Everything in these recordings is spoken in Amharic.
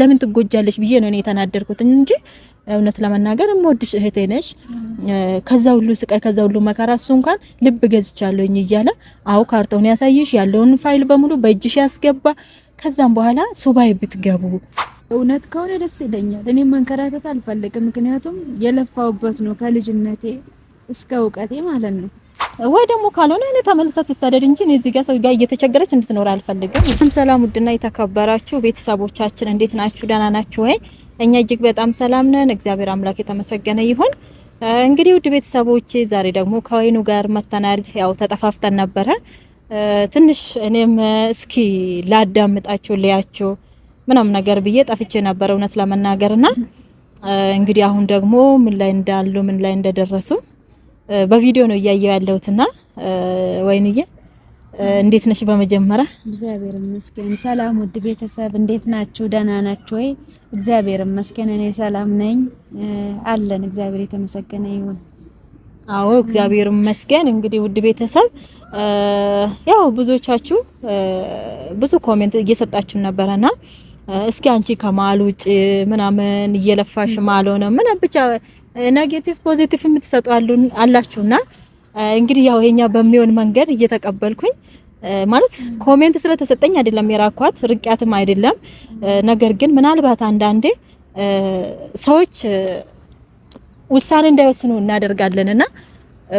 ለምን ትጎጃለች ብዬ ነው እኔ የተናደርኩት እንጂ እውነት ለመናገር የምወድሽ እህቴ ነሽ። ከዛ ሁሉ ስቃይ፣ ከዛ ሁሉ መከራ እሱ እንኳን ልብ ገዝቻለሁኝ እያለ አዎ ካርታውን ያሳይሽ ያለውን ፋይል በሙሉ በእጅሽ ያስገባ። ከዛም በኋላ ሱባኤ ብትገቡ እውነት ከሆነ ደስ ይለኛል። እኔ መንከራተት አልፈልግም፣ ምክንያቱም የለፋውበት ነው ከልጅነቴ እስከ እውቀቴ ማለት ነው። ወይ ደግሞ ካልሆነ እኔ ተመልሳ ትሰደድ እንጂ እዚህ ጋር ሰው ጋር እየተቸገረች እንድትኖር አልፈልግም። ሰላም ውድና የተከበራችሁ ቤተሰቦቻችን እንዴት ናችሁ? ደህና ናችሁ ወይ? እኛ እጅግ በጣም ሰላም ነን። እግዚአብሔር አምላክ የተመሰገነ ይሁን። እንግዲህ ውድ ቤተሰቦቼ ዛሬ ደግሞ ከወይኑ ጋር መተናል። ያው ተጠፋፍተን ነበረ ትንሽ እኔም እስኪ ላዳምጣችሁ ልያችሁ ምናም ነገር ብዬ ጠፍቼ ነበር እውነት ለመናገርና እንግዲህ አሁን ደግሞ ምን ላይ እንዳሉ ምን ላይ እንደደረሱ በቪዲዮ ነው እያየው ያለሁትና ወይንዬ እንዴት ነሽ? በመጀመሪያ እግዚአብሔር ይመስገን። ሰላም ውድ ቤተሰብ እንዴት ናችሁ? ደህና ናችሁ ወይ? እግዚአብሔር ይመስገን እኔ ሰላም ነኝ አለን። እግዚአብሔር የተመሰገነ ይሁን። አዎ እግዚአብሔር ይመስገን። እንግዲህ ውድ ቤተሰብ ያው ብዙዎቻችሁ ብዙ ኮሜንት እየሰጣችሁ ነበረና እስኪ አንቺ ከመሀል ውጭ ምናምን እየለፋሽ ማለው ነው ምን ብቻ ኔጌቲቭ ፖዚቲቭ የምትሰጡ አላችሁና እንግዲህ ያው ይሄኛ በሚሆን መንገድ እየተቀበልኩኝ ማለት ኮሜንት ስለተሰጠኝ አይደለም የራኳት ርቂያትም አይደለም። ነገር ግን ምናልባት አንዳንዴ ሰዎች ውሳኔ እንዳይወስኑ እናደርጋለን እና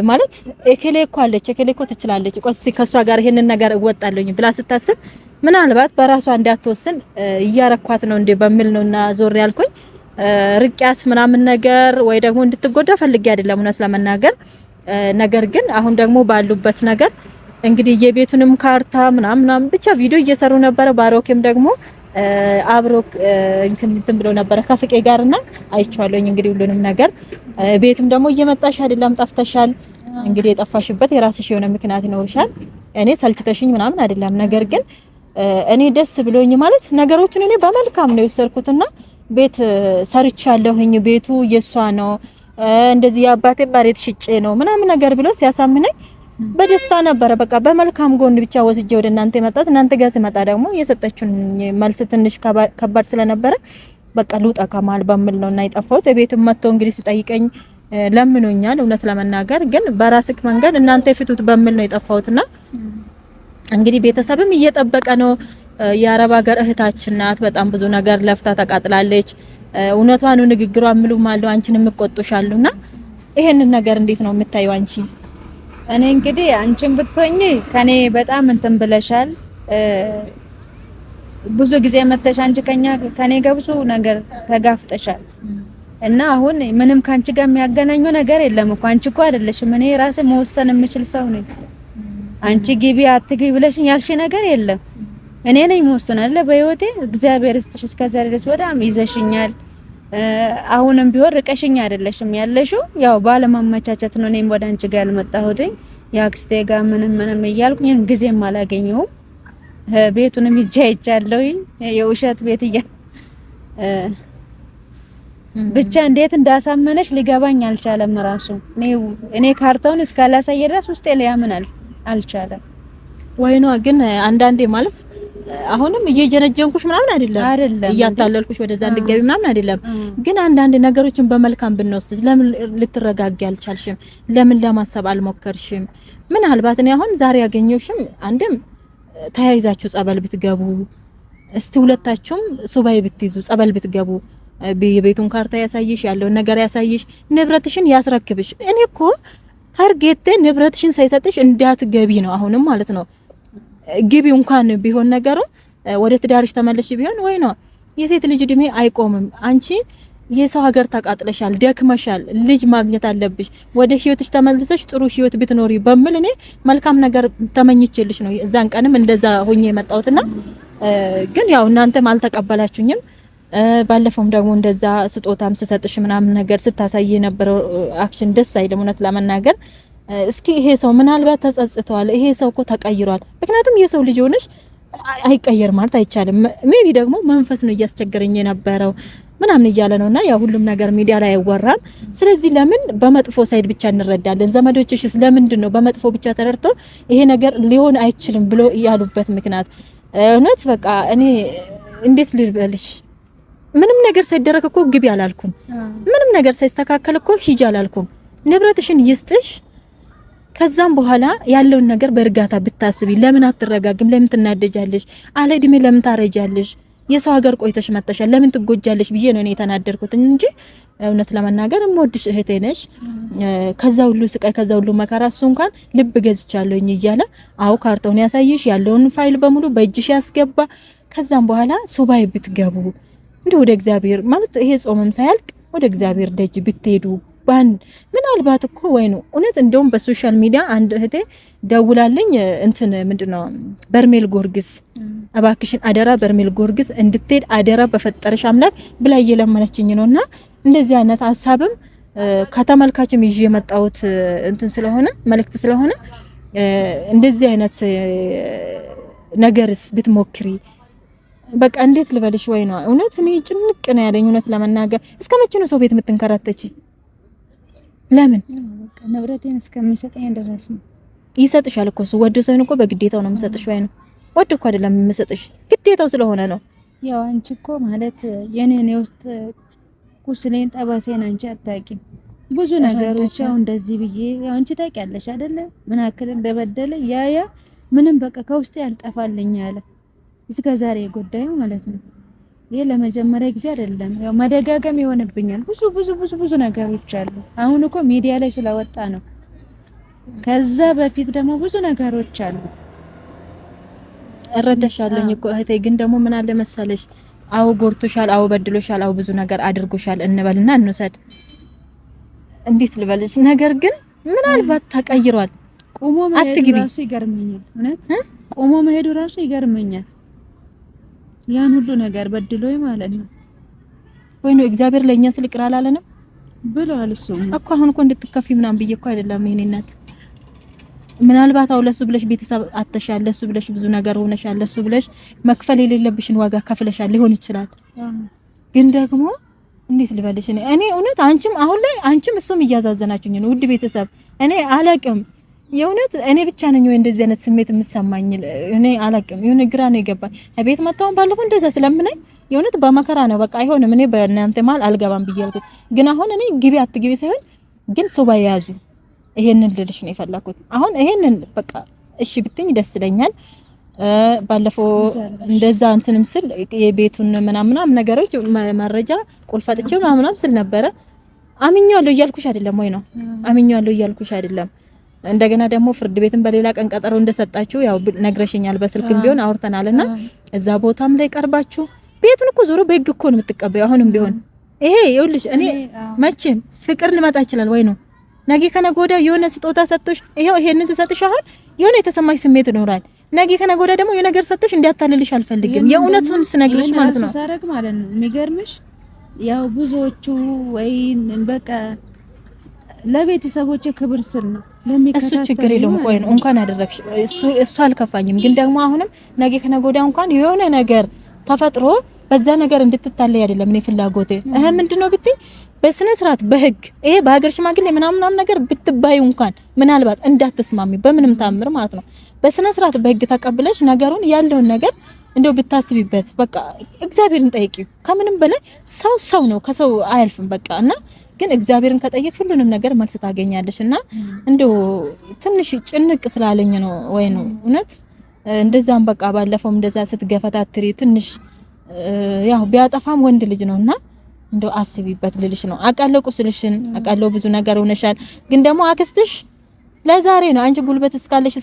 ማለት ኤኬሌ እኮ አለች ኤኬሌ እኮ ትችላለች፣ ቆስ ከእሷ ጋር ይሄንን ነገር እወጣለኝ ብላ ስታስብ ምናልባት በራሷ እንዳትወስን እያረኳት ነው እንዴ በሚል እና ዞር ያልኩኝ። ርቂያት ምናምን ነገር ወይ ደግሞ እንድትጎዳ ፈልጌ አይደለም እውነት ለመናገር ነገር ግን አሁን ደግሞ ባሉበት ነገር እንግዲህ የቤቱንም ካርታ ምናምን ብቻ ቪዲዮ እየሰሩ ነበረ። ባሮኬም ደግሞ አብሮ እንትን ብሎ ነበረ ከፍቄ ጋርና አይቼዋለሁኝ። እንግዲህ ሁሉንም ነገር ቤትም ደግሞ እየመጣሽ አይደለም ጠፍተሻል። እንግዲህ የጠፋሽበት የራስሽ የሆነ ምክንያት ይኖርሻል። እኔ ሰልችተሽኝ ምናምን አይደለም። ነገር ግን እኔ ደስ ብሎኝ ማለት ነገሮችን እኔ በመልካም ነው የወሰድኩትና ቤት ሰርቻለሁኝ፣ ቤቱ የሷ ነው፣ እንደዚህ የአባቴ መሬት ሽጬ ነው ምናምን ነገር ብሎ ሲያሳምነኝ በደስታ ነበረ። በቃ በመልካም ጎን ብቻ ወስጄ ወደ እናንተ መጣት። እናንተ ጋር ስመጣ ደግሞ የሰጠችውን መልስ ትንሽ ከባድ ስለነበረ በቃ ልውጣ ከማል በምል ነው እና የጠፋሁት። ቤትም መጥቶ እንግዲህ ሲጠይቀኝ ለምኖኛል። እውነት ለመናገር ግን በራስክ መንገድ እናንተ የፍቱት በምል ነው የጠፋሁት እና እንግዲህ ቤተሰብም እየጠበቀ ነው የአረብ ሀገር እህታችን ናት። በጣም ብዙ ነገር ለፍታ ተቃጥላለች። እውነቷ ነው ንግግሯ። ምሉ ማለው አንቺን የምቆጡሻሉና ይሄንን ነገር እንዴት ነው የምታየው አንቺ? እኔ እንግዲህ አንቺን ብትሆኚ ከኔ በጣም እንትን ብለሻል። ብዙ ጊዜ መተሽ አንቺ ከኛ ከኔ ጋር ብዙ ነገር ተጋፍጠሻል እና አሁን ምንም ካንቺ ጋር የሚያገናኘው ነገር የለም እኮ አንቺ እኮ አይደለሽም። እኔ ራሴ መወሰን የምችል ሰው ነኝ። አንቺ ግቢ አትግቢ ብለሽኝ ያልሽ ነገር የለም እኔ ነኝ መወስን አለ በህይወቴ እግዚአብሔር ይስጥሽ። እስከዛሬ ድረስ በጣም ይዘሽኛል። አሁንም ቢሆን ርቀሽኝ አይደለሽም ያለሽው። ያው ባለማመቻቸት ነው እኔም ወደ አንቺ ጋር ያልመጣሁትኝ የአክስቴ ጋር ምንም ምንም እያልኩኝ ጊዜም አላገኘውም። ቤቱንም ይጃ ይጃለው የውሸት ቤት እያ ብቻ እንዴት እንዳሳመነች ሊገባኝ አልቻለም። ራሱ እኔ ካርታውን እስካላሳየ ድረስ ውስጤ ሊያምን አልቻለም። ወይኗ ግን አንዳንዴ ማለት አሁንም እየጀነጀንኩሽ ምናምን አይደለም፣ አይደለም እያታለልኩሽ ወደዛ እንድገቢ ምናምን አይደለም። ግን አንዳንድ ነገሮችን በመልካም ብንወስድ ለምን ልትረጋጊ አልቻልሽም? ለምን ለማሰብ አልሞከርሽም? ምናልባት እኔ አሁን ዛሬ ያገኘውሽም አንድም ተያይዛችሁ ጸበል ብትገቡ እስቲ ሁለታችሁም ሱባኤ ብትይዙ ጸበል ብትገቡ የቤቱን ካርታ ያሳይሽ፣ ያለውን ነገር ያሳይሽ፣ ንብረትሽን ያስረክብሽ። እኔ እኮ ታርጌቴ ንብረትሽን ሳይሰጥሽ እንዳትገቢ ነው አሁንም ማለት ነው ግቢ እንኳን ቢሆን ነገሩ ወደ ትዳርሽ ተመለሽ ቢሆን ወይ ነው። የሴት ልጅ እድሜ አይቆምም። አንቺ የሰው ሀገር ተቃጥለሻል፣ ደክመሻል፣ ልጅ ማግኘት አለብሽ። ወደ ህይወትሽ ተመልሰሽ ጥሩ ህይወት ብትኖሪ በሚል እኔ መልካም ነገር ተመኝቼልሽ ነው እዛን ቀንም እንደዛ ሆኜ የመጣሁትና ግን ያው እናንተም አልተቀበላችሁኝም። ባለፈውም ደግሞ እንደዛ ስጦታም ስሰጥሽ ምናምን ነገር ስታሳይ የነበረው አክሽን ደስ አይልም እውነት ለመናገር እስኪ ይሄ ሰው ምናልባት ተጸጽቷል፣ ይሄ ሰው እኮ ተቀይሯል። ምክንያቱም የሰው ልጅ ሆነሽ አይቀየር ማለት አይቻልም። ሜቢ ደግሞ መንፈስ ነው እያስቸገረኝ የነበረው ምናምን እያለ ነውና ያ ሁሉም ነገር ሚዲያ ላይ አይወራም። ስለዚህ ለምን በመጥፎ ሳይድ ብቻ እንረዳለን? ዘመዶችሽስ ለምንድን ነው በመጥፎ ብቻ ተረድቶ ይሄ ነገር ሊሆን አይችልም ብሎ ያሉበት ምክንያት? እውነት በቃ እኔ እንዴት ልበልሽ፣ ምንም ነገር ሳይደረግ እኮ ግቢ አላልኩም። ምንም ነገር ሳይስተካከል እኮ አላልኩም። ንብረትሽን ይስጥሽ ከዛም በኋላ ያለውን ነገር በእርጋታ ብታስቢ። ለምን አትረጋግም? ለምን ትናደጃለሽ? አለ እድሜ ለምን ታረጃለሽ? የሰው ሀገር ቆይተሽ መጥተሻል፣ ለምን ትጎጃለሽ ብዬ ነው እኔ የተናደርኩት እንጂ እውነት ለመናገር እምወድሽ እህቴ ነሽ። ከዛ ሁሉ ስቃይ፣ ከዛ ሁሉ መከራ እሱ እንኳን ልብ ገዝቻለሁኝ እያለ አዎ ካርታውን ያሳይሽ፣ ያለውን ፋይል በሙሉ በእጅሽ ያስገባ። ከዛም በኋላ ሱባኤ ብትገቡ እንደ ወደ እግዚአብሔር ማለት ይሄ ጾምም ሳያልቅ ወደ እግዚአብሔር ደጅ ብትሄዱ ባን ምናልባት እኮ ወይ ነው እውነት እንደውም በሶሻል ሚዲያ አንድ እህቴ ደውላለኝ እንትን ምንድነው በርሜል ጎርግስ እባክሽን አደራ በርሜል ጎርግስ እንድትሄድ አደራ በፈጠረሽ አምላክ ብላ እየለመነችኝ ነው። እና እንደዚህ አይነት ሀሳብም ከተመልካችም ይዤ የመጣሁት እንትን ስለሆነ መልእክት ስለሆነ እንደዚህ አይነት ነገርስ ብትሞክሪ በቃ እንዴት ልበልሽ ወይ ነው እውነት እኔ ጭንቅ ነው ያለኝ እውነት ለመናገር እስከ መቼ ነው ሰው ቤት የምትንከራተች? ለምን ንብረቴን እስከሚሰጠኝ ድረስ ነው። ይሰጥሻል እኮ እሱ ወዶ ሳይሆን እኮ በግዴታው ነው የምሰጥሽ። ወይ ነው ወዶ እኮ አይደለም የምሰጥሽ፣ ግዴታው ስለሆነ ነው። ያው አንቺ እኮ ማለት የኔን የውስጥ ቁስሌን ጠባሴን አንቺ አታውቂም። ብዙ ነገሮች ያው እንደዚህ ብዬ አንቺ ታውቂያለሽ አይደለ? ምን አክል እንደበደለ ያ ያ ምንም በቃ ከውስጤ ያልጠፋልኝ አለ እስከ ዛሬ የጎዳዩ ማለት ነው። ይህ ለመጀመሪያ ጊዜ አይደለም። ያው መደጋገም ይሆንብኛል። ብዙ ብዙ ብዙ ብዙ ነገሮች አሉ። አሁን እኮ ሚዲያ ላይ ስለወጣ ነው። ከዛ በፊት ደግሞ ብዙ ነገሮች አሉ። እረዳሻለኝ እኮ እህቴ፣ ግን ደግሞ ምን አለ መሰለሽ፣ አው ጎርቶሻል፣ አው በድሎሻል፣ አው ብዙ ነገር አድርጎሻል እንበልና እንውሰድ፣ እንዴት ልበልሽ? ነገር ግን ምናልባት ተቀይሯል። ቆሞ መሄዱ ራሱ ይገርመኛል። እውነት ቆሞ መሄዱ ራሱ ይገርመኛል። ያን ሁሉ ነገር በድሎይ ማለት ነው ወይ ነው እግዚአብሔር ለኛ ስል ይቅር አላለንም ብሏል። እሱም እኮ አሁን እኮ እንድትከፊ ምናምን ብዬ እኮ አይደለም የእኔ እናት ምናልባት አው ለሱ ብለሽ ቤተሰብ አተሻል፣ ለሱ ብለሽ ብዙ ነገር ሆነሻል፣ ለሱ ብለሽ መክፈል የሌለብሽን ዋጋ ከፍለሻል ሊሆን ይችላል። ግን ደግሞ እንዴት ልበልሽ እኔ እውነት አንቺም አሁን ላይ አንቺም እሱም እያዛዘናችሁኝ ነው ውድ ቤተሰብ እኔ አለቅም የእውነት እኔ ብቻ ነኝ ወይ እንደዚህ አይነት ስሜት የምሰማኝ? እኔ አላቅም። የሆነ ግራ ነው የገባኝ። ቤት መጣሁን ባለፈው እንደዛ ስለምናኝ የእውነት በመከራ ነው በቃ አይሆንም፣ እኔ በእናንተ መሀል አልገባም ብዬ ያልኩት። ግን አሁን እኔ ግቢ አትግቢ ሳይሆን ግን ሰው ባያዙ ይሄንን ልልሽ ነው የፈለኩት። አሁን ይሄንን በቃ እሺ ብትኝ ደስ ይለኛል። ባለፈው እንደዛ እንትንም ስል የቤቱን ምናምናም ነገሮች መረጃ ቁልፈጥቼ ምናምናም ስል ነበረ። አምኛለሁ እያልኩሽ አይደለም ወይ ነው አምኛለሁ እያልኩሽ አይደለም እንደገና ደግሞ ፍርድ ቤትም በሌላ ቀን ቀጠሮ እንደሰጣችሁ ያው ነግረሽኛል፣ በስልክም ቢሆን አውርተናልና እዛ ቦታም ላይ ቀርባችሁ ቤቱን እኮ ዞሮ በህግ እኮ ነው የምትቀበዩ። አሁንም ቢሆን ይሄ ይኸውልሽ፣ እኔ መቼም ፍቅር ሊመጣ ይችላል ወይ ነው ነገ ከነገ ወዲያ የሆነ ስጦታ ሰጥቶሽ ይሄው ይሄንን ስሰጥሽ አሁን የሆነ የተሰማሽ ስሜት ይኖራል። ነገ ከነገ ወዲያ ደግሞ የነገር ሰጥቶሽ እንዲያታልልሽ አልፈልግም። የእውነቱን ስነግርሽ ማለት ነው። ሳረግ ማለት ነው የሚገርምሽ ያው ብዙዎቹ ወይ በቃ ለቤተሰቦች ክብር ስል ነው። እሱ ችግር የለውም። ቆይ ነው እንኳን አደረግሽ እሱ አልከፋኝም። ግን ደግሞ አሁንም ነገ ከነገ ወዲያ እንኳን የሆነ ነገር ተፈጥሮ በዛ ነገር እንድትታለይ አይደለም እኔ ፍላጎቴ። እህ ምንድነው ብትይ በስነ ስርዓት በህግ ይሄ በሀገር ሽማግሌ ምናምን ነገር ብትባዩ እንኳን ምናልባት እንዳትስማሚ በምንም ታምር ማለት ነው። በስነ ስርዓት በህግ ተቀብለሽ ነገሩን ያለውን ነገር እንደው ብታስቢበት በቃ እግዚአብሔርን ጠይቂ። ከምንም በላይ ሰው ሰው ነው፣ ከሰው አያልፍም። በቃ እና ግን እግዚአብሔርን ከጠየቅ ሁሉንም ነገር መልስ ታገኛለሽ። እና እንደው ትንሽ ጭንቅ ስላለኝ ነው ወይ ነው እውነት እንደዛም በቃ ባለፈው እንደዛ ስትገፈታትሪ ትንሽ ያው ቢያጠፋም ወንድ ልጅ እና እንደው አስቢበት ልልሽ ነው። አውቃለሁ ቁስልሽን፣ አቃለው ብዙ ነገር ሆነሻል። ግን ደግሞ አክስትሽ ለዛሬ ነው። አንቺ ጉልበት እስካለሽ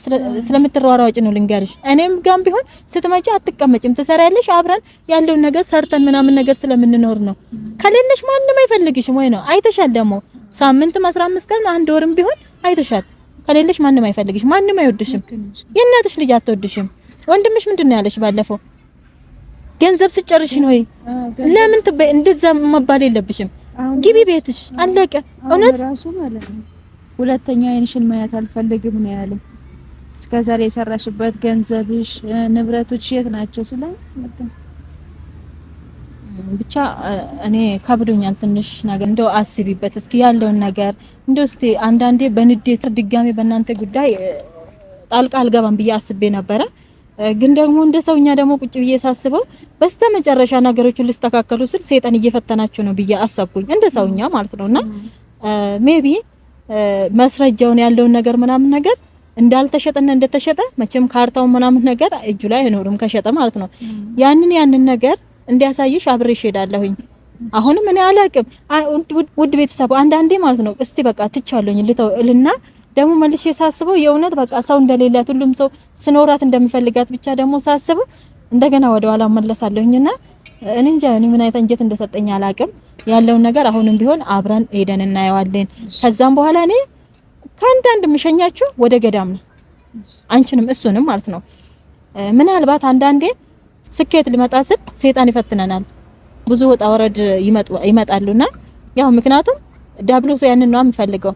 ስለምትሯሯጭ ነው ልንገርሽ። እኔም ጋም ቢሆን ስትመጪ አትቀመጭም፣ ትሰሪያለሽ። አብረን ያለውን ነገር ሰርተን ምናምን ነገር ስለምንኖር ነው። ከሌለሽ ማንም አይፈልግሽም። ወይ ነው አይተሻል። ደግሞ ሳምንትም 15 ቀን አንድ ወርም ቢሆን አይተሻል። ከሌለሽ ማንም አይፈልግሽ፣ ማንም አይወድሽም። የእናትሽ ልጅ አትወድሽም። ወንድምሽ ምንድን ነው ያለሽ ባለፈው ገንዘብ ስጨርሽ ነው ለምን ትበይ? እንደዛ መባል የለብሽም። ግቢ ቤትሽ አለቀ። እውነት ሁለተኛ አይንሽን ማየት አልፈልግም ነው ያለኝ። እስከዛሬ የሰራሽበት ገንዘብሽ፣ ንብረቶች የት ናቸው? ስለ ብቻ እኔ ከብዶኛል ትንሽ ነገር እንደው አስቢበት እስኪ ያለውን ነገር እንደው እስቲ አንዳንዴ በንዴት ድጋሜ በእናንተ ጉዳይ ጣልቃ አልገባም ብዬ አስቤ ነበረ። ግን ደግሞ እንደ ሰውኛ ደግሞ ቁጭ ብዬ ሳስበው በስተመጨረሻ ነገሮችን ልስተካከሉ ስል ሴጠን እየፈተናቸው ነው ብዬ አሰብኩኝ፣ እንደ ሰውኛ ማለት ነውና ሜቢ መስረጃውን ያለውን ነገር ምናምን ነገር እንዳልተሸጠና እንደተሸጠ መቼም ካርታው ምናምን ነገር እጁ ላይ አይኖርም ከሸጠ ማለት ነው። ያንን ያንን ነገር እንዲያሳይሽ አብሬ ሄዳለሁኝ። አሁንም እኔ አላቅም ውድ ቤተሰቡ አንዳንዴ ማለት ነው እስቲ በቃ ትቻለኝ ልተው እልና ደግሞ መልሼ ሳስበው የእውነት በቃ ሰው እንደሌላት ሁሉም ሰው ስኖራት እንደሚፈልጋት ብቻ ደግሞ ሳስበው እንደገና ወደ ኋላ መለሳለሁኝና እኔ እንጃ እኔ ምን አይነት እንጀት እንደሰጠኝ አላቅም። ያለውን ነገር አሁንም ቢሆን አብረን ሄደን እናየዋለን። ከዛም በኋላ እኔ ከአንዳንድ ምሸኛችሁ ወደ ገዳም ነው፣ አንቺንም እሱንም ማለት ነው። ምናልባት አንዳንዴ ስኬት ልመጣ ስል ሰይጣን ይፈትነናል። ብዙ ወጣ ወረድ ይመጣሉና ያው ምክንያቱም ዳብሎስ ያንን ነው የሚፈልገው።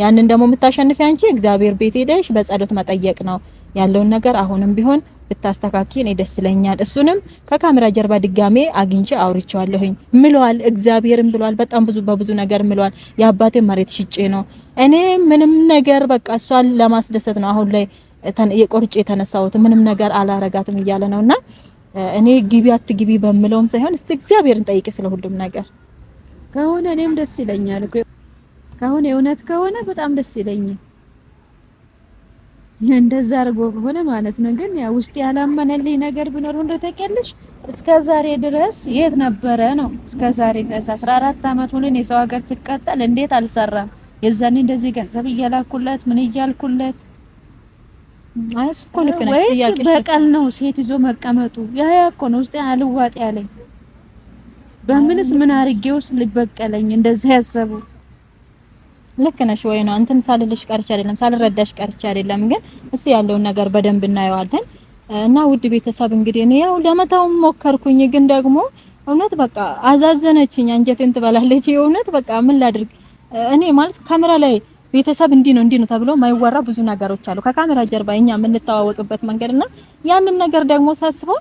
ያንን ደግሞ የምታሸንፊ አንቺ እግዚአብሔር ቤት ሄደሽ በጸሎት መጠየቅ ነው ያለውን ነገር አሁንም ቢሆን ብታስተካኪ እኔ ደስ ይለኛል። እሱንም ከካሜራ ጀርባ ድጋሜ አግኝቼ አውርቼዋለሁኝ። ምለዋል፣ እግዚአብሔርም ብሏል፣ በጣም ብዙ በብዙ ነገር ምለዋል። የአባቴ መሬት ሽጬ ነው እኔ ምንም ነገር በቃ እሷን ለማስደሰት ነው አሁን ላይ የቆርጬ የተነሳሁት ምንም ነገር አላረጋትም እያለ ነውና እኔ ግቢ አትግቢ በምለውም ሳይሆን እስቲ እግዚአብሔርን ጠይቅ ስለ ሁሉም ነገር ከሆነ እኔም ደስ ይለኛል። ከሆነ እውነት ከሆነ በጣም ደስ ይለኛል። እንደዛ አድርጎ በሆነ ማለት ነው። ግን ያ ውስጥ ያላመነልኝ ነገር ቢኖር እንደ ተቀልሽ እስከ ዛሬ ድረስ የት ነበረ ነው። እስከ ዛሬ ድረስ 14 አመት ሙሉ የሰው ሀገር ስቃጠል እንዴት አልሰራም? የዛኔ እንደዚህ ገንዘብ እያላኩለት ምን እያልኩለት አይስ እኮ ልክ ነሽ። ጥያቄ በቀል ነው ሴት ይዞ መቀመጡ ያ እኮ ነው ውስጤ አልዋጥ ያለኝ። በምንስ ምን አርጌውስ ሊበቀለኝ እንደዚህ ያሰቡ ልክ ነሽ ወይ ነው እንትን ሳልልሽ ቀርቼ አይደለም ሳልረዳሽ ቀርቼ አይደለም። ግን እስኪ ያለውን ነገር በደንብ እናየዋለን። እና ውድ ቤተሰብ እንግዲህ እኔ ያው ለመታው ሞከርኩኝ፣ ግን ደግሞ እውነት በቃ አዛዘነችኝ። አንጀቴን ትበላለች። የእውነት በቃ ምን ላድርግ እኔ ማለት ካሜራ ላይ ቤተሰብ እንዲህ ነው እንዲህ ነው ተብሎ የማይወራ ብዙ ነገሮች አሉ ከካሜራ ጀርባ እኛ የምንተዋወቅበት መንገድ እና ያንን ነገር ደግሞ ሳስበው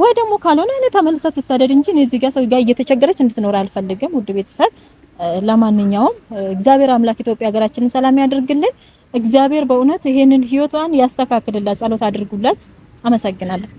ወይ ደግሞ ካልሆነ እኔ ተመልሰት ትሰደድ እንጂ እኔ እዚህ ጋር ሰው ጋር እየተቸገረች እንድትኖር አልፈልግም። ውድ ቤተሰብ ለማንኛውም እግዚአብሔር አምላክ ኢትዮጵያ ሀገራችንን ሰላም ያድርግልን። እግዚአብሔር በእውነት ይሄንን ህይወቷን ያስተካክልላት። ጸሎት አድርጉላት። አመሰግናለሁ።